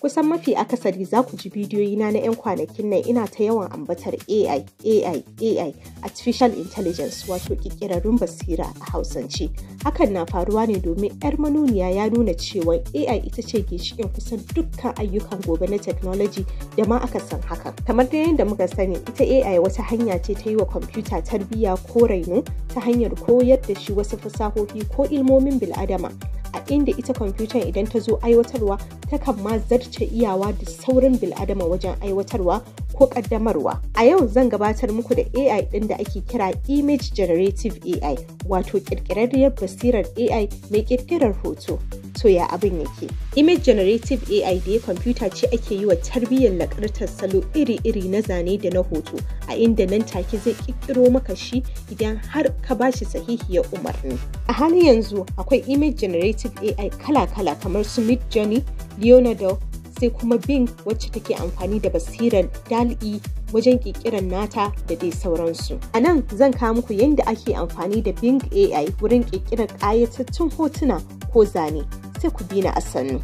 Kusan mafi akasari za ku ji bidiyoyina na 'yan kwanakin nan ina ta yawan ambatar AI, AI, AI, Artificial Intelligence wato ƙirƙirarrun basira a Hausance. Hakan na faruwa ne domin 'yar manuniya ya nuna cewa AI ita ce ginshikin kusan dukkan ayyukan gobe na technology da ma aka san hakan. Kamar da yadda muka sani, ita AI wata hanya ce ta yi wa kwamfuta tarbiyya ko raino ta hanyar koyar da shi wasu fasahohi ko ilmomin bil'adama a inda ita kwamfutar idan ta zo aiwatarwa takan ma zarce iyawa da saurin bil'adama wajen aiwatarwa ko kaddamarwa. A yau zan gabatar muku da AI ɗin da ake kira Image Generative AI wato ƙirƙirarriyar basirar AI mai ƙirƙirar hoto. to ya abin yake image generative ai da ya kwamfuta ce ake yi wa tarbiyyar lakartar salo iri-iri na zane da na hoto a inda nan take zai kikkiro maka shi idan har ka bashi ya umarni a halin yanzu akwai image generative ai kala-kala kamar su mid journey leonardo sai kuma Bing wacce take amfani da basirar dal'i wajen kirkirar nata da dai sauransu. A nan zan kawo muku yadda ake amfani da Bing AI wurin ƙirƙirar ƙayatattun hotuna ko zane. sai ku bi na a sannu.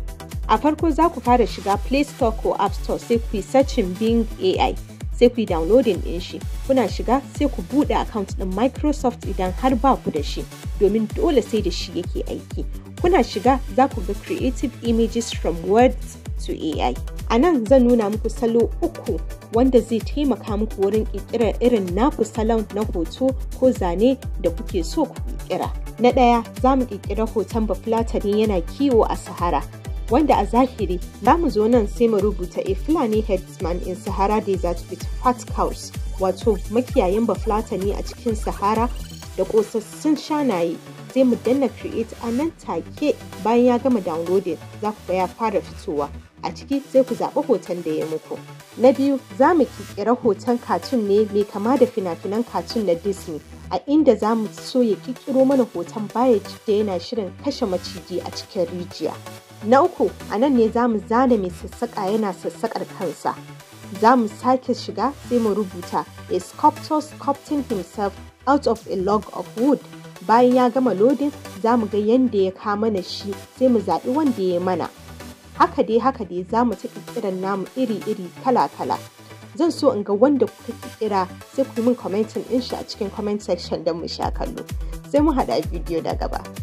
A farko za ku fara shiga Play Store ko App Store sai ku yi searching Bing AI sai ku yi downloading ɗin shi. Kuna shiga sai ku buɗe account ɗin Microsoft idan har ba ku da shi domin dole sai da shi yake aiki. Kuna shiga za ku ga Creative Images from Words to AI. A nan zan nuna muku salo uku wanda zai taimaka muku wurin ƙirƙirar irin naku salon na hoto ko zane da kuke so ku ƙirƙira. Na ɗaya za mu ƙirƙiri hoton Bafulatani yana kiwo a Sahara, wanda a zahiri za mu zo nan sai mu rubuta a Fulani headsman in Sahara desert with fat cows, wato makiyayin Bafulatani a cikin Sahara da ƙosassun shanaye. Sai mu danna create a nan take bayan ya gama downloading za ku ga ya fara fitowa. A ciki sai ku zaɓi hoton da ya muku. Na biyu za mu ƙirƙira hoton katun ne mai kama da fina-finan katun na Disney. a inda za mu so ya ƙirƙiro mana hoton baya da yana shirin kashe maciji a cikin rijiya. Na uku, a nan ne za mu zana mai sassaƙa yana sassaƙar kansa. Za mu sake shiga sai mu rubuta a sculptor sculpting himself out of a log of wood. Bayan ya gama lodin, za mu ga yadda ya kama mana shi sai mu zaɓi wanda ya mana. Haka dai haka dai za mu ta ƙirƙirar namu iri-iri kala-kala. zan so in ga wanda kuka kira sai ku yi min commenting din shi a cikin comment section don mu sha kallo sai mu haɗa bidiyo da gaba